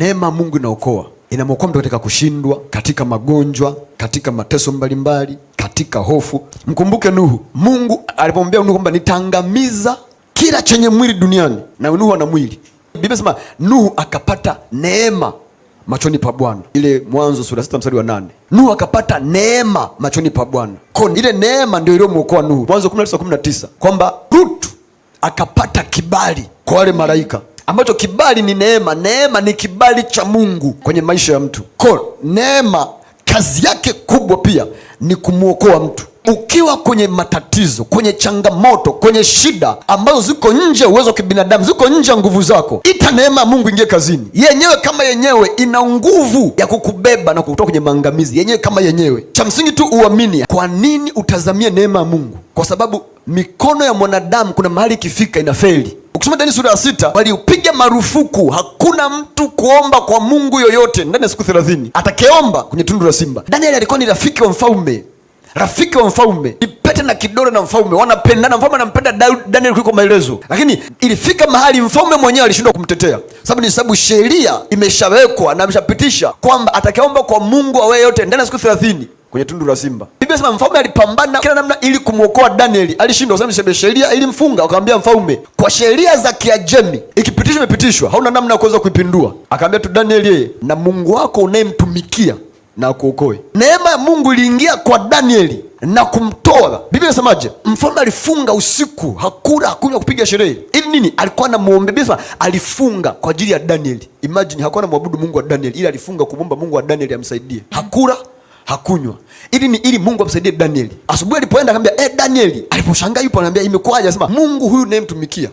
Neema Mungu inaokoa, inamwokoa mtu katika kushindwa, katika magonjwa, katika mateso mbalimbali, katika hofu. Mkumbuke Nuhu, Mungu alipomwambia Nuhu kwamba nitaangamiza kila chenye mwili duniani, na Nuhu ana mwili. Biblia sema Nuhu akapata neema machoni pa Bwana, ile Mwanzo sura sita mstari wa nane. Nuhu akapata neema machoni pa Bwana, kwa ile neema ndio iliyomwokoa Nuhu. Mwanzo 19:19 kwamba Rutu akapata kibali kwa wale malaika ambacho kibali ni neema. Neema ni kibali cha Mungu kwenye maisha ya mtu. Ko, neema kazi yake kubwa pia ni kumwokoa mtu ukiwa kwenye matatizo, kwenye changamoto, kwenye shida ambazo ziko nje ya uwezo wa kibinadamu, ziko nje ya nguvu zako, ita neema ya Mungu ingie kazini. Yenyewe kama yenyewe ina nguvu ya kukubeba na kukutoa kwenye maangamizi yenyewe kama yenyewe. Cha msingi tu uamini. Kwa nini utazamie neema ya Mungu? Kwa sababu mikono ya mwanadamu kuna mahali ikifika inafeli ukisoma Danieli sura ya sita waliupiga marufuku, hakuna mtu kuomba kwa mungu yoyote ndani ya siku thelathini. Atakayeomba kwenye tundu la simba. Danieli alikuwa ni rafiki wa mfalme, rafiki wa mfalme na kidole na mfalme wanapendana, mfalme anampenda Daniel kuliko maelezo, lakini ilifika mahali mfalme mwenyewe alishindwa kumtetea, sababu ni sababu sheria imeshawekwa na ameshapitisha kwamba atakayeomba kwa Mungu awaye yote ndani ya siku thelathini kwenye tundu la simba. Biblia sema mfalme alipambana kila namna ili kumwokoa Danieli, alishindwa. Kwa sababu sheria ilimfunga, akamwambia mfalme, kwa sheria za Kiajemi ikipitishwa, imepitishwa, hauna namna ya kuweza kuipindua. Akamwambia tu Danieli, yeye na Mungu wako unayemtumikia na kuokoe. Neema ya Mungu iliingia kwa Danieli na kumtoa. Biblia inasemaje? Mfalme alifunga usiku, hakula, hakunywa, kupiga sherehe. Ili nini? Alikuwa anamwomba. bisa, alifunga kwa ajili ya Danieli. Imagine, hakuwa anamwabudu Mungu wa Danieli, ili alifunga kumwomba Mungu wa Danieli amsaidie. Hakula hakunywa ili ni ili Mungu amsaidie Danieli. Asubuhi alipoenda akamwambia, eh, Danieli aliposhangaa yupo anamwambia imekuwaje? Asema Mungu huyu nayemtumikia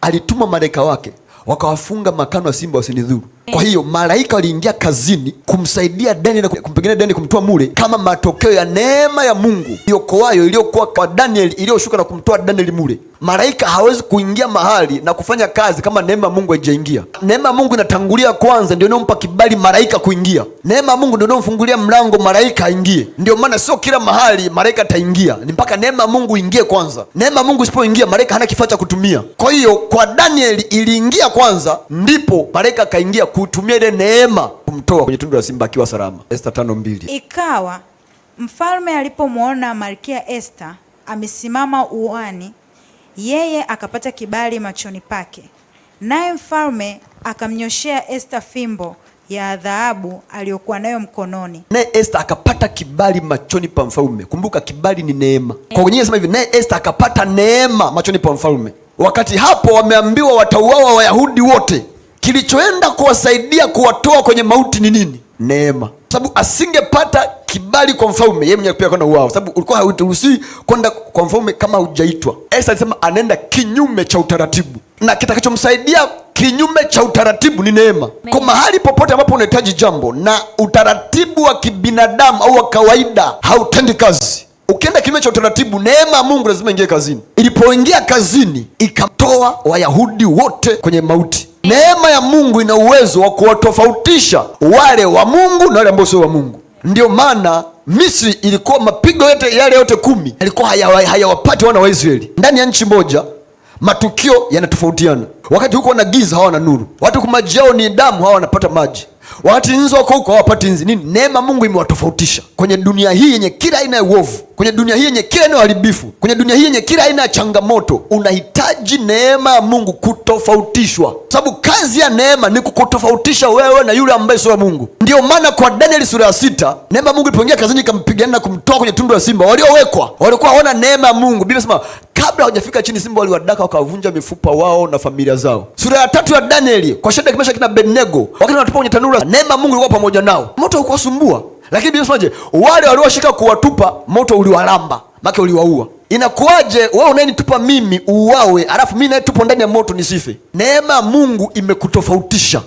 alituma malaika wake wakawafunga makano ya simba wasinidhuru. Kwa hiyo malaika waliingia kazini kumsaidia Daniel na kumpigania Daniel kumtoa mule, kama matokeo ya neema ya Mungu iokoayo iliyokuwa kwa Daniel iliyoshuka na kumtoa Daniel mule. Malaika hawezi kuingia mahali na kufanya kazi kama neema ya Mungu haijaingia. Neema ya Mungu inatangulia kwanza, ndio inayompa kibali malaika kuingia. Neema ya Mungu ndio inayomfungulia mlango malaika aingie. Ndio maana sio kila mahali malaika ataingia, ni mpaka neema ya Mungu ingie kwanza. Neema ya Mungu isipoingia, malaika hana kifaa cha kutumia. Kwa hiyo kwa Daniel iliingia kwanza, ndipo malaika akaingia ku kutumia ile neema kumtoa kwenye tundu la simba akiwa salama. Esta tano mbili. Ikawa mfalme alipomwona Malkia Esta amesimama uani, yeye akapata kibali machoni pake, naye mfalme akamnyoshea Esta fimbo ya dhahabu aliyokuwa nayo mkononi. Naye Esta akapata kibali machoni pa mfalme. Kumbuka kibali ni neema. Kwa hiyo sema hivi, naye Esta akapata neema machoni pa mfalme. Wakati hapo wameambiwa watauawa Wayahudi wote kilichoenda kuwasaidia kuwatoa kwenye mauti ni nini? Neema. Sababu asingepata kibali kwa mfalme, yeye mwenyewe pia kwenda uao, sababu ulikuwa hauruhusiwi kwenda kwa mfalme kama hujaitwa. Esa alisema anaenda kinyume cha utaratibu, na kitakachomsaidia kinyume cha utaratibu ni neema. Kwa mahali popote ambapo unahitaji jambo na utaratibu wa kibinadamu au wa kawaida hautendi kazi, ukienda kinyume cha utaratibu, neema ya Mungu lazima ingie kazini. Ilipoingia kazini, ikatoa Wayahudi wote kwenye mauti. Neema ya Mungu ina uwezo wa kuwatofautisha wale wa Mungu na wale ambao sio wa Mungu. Ndio maana Misri ilikuwa mapigo yote yale yote kumi yalikuwa hayawapati haya wana wa Israeli ndani ya nchi moja. Matukio yanatofautiana, wakati huko wana giza, hawana nuru, wakati huko maji yao ni damu, hawa wanapata maji, wakati nzi wako huko hawapati nzi. Nini? Neema Mungu imewatofautisha kwenye dunia hii yenye kila aina ya uovu kwenye dunia hii yenye kila aina ya uharibifu, kwenye dunia hii yenye kila aina ya changamoto, unahitaji neema ya Mungu kutofautishwa, sababu kazi ya neema ni kukutofautisha wewe na yule ambaye sio wa Mungu. Ndio maana kwa Danieli sura ya sita, neema ya Mungu ilipoingia kazini ikampigana na kumtoa kwenye tundu la simba. Waliowekwa walikuwa hawana neema ya Mungu. Biblia inasema kabla hawajafika chini, simba waliwadaka wakavunja mifupa wao na familia zao. Sura ya tatu ya Danieli, kwa Shadraka, Meshaki na Abednego, wakati wanatupa kwenye tanura, neema ya Mungu ilikuwa pamoja nao, moto haukuwasumbua. Lakini Biblia inasemaje? Wale walioshika kuwatupa moto uliwalamba, make uliwaua. Inakuwaje wewe unayenitupa mimi uuawe, alafu mimi naye tupo ndani ya moto nisife? Neema ya Mungu imekutofautisha.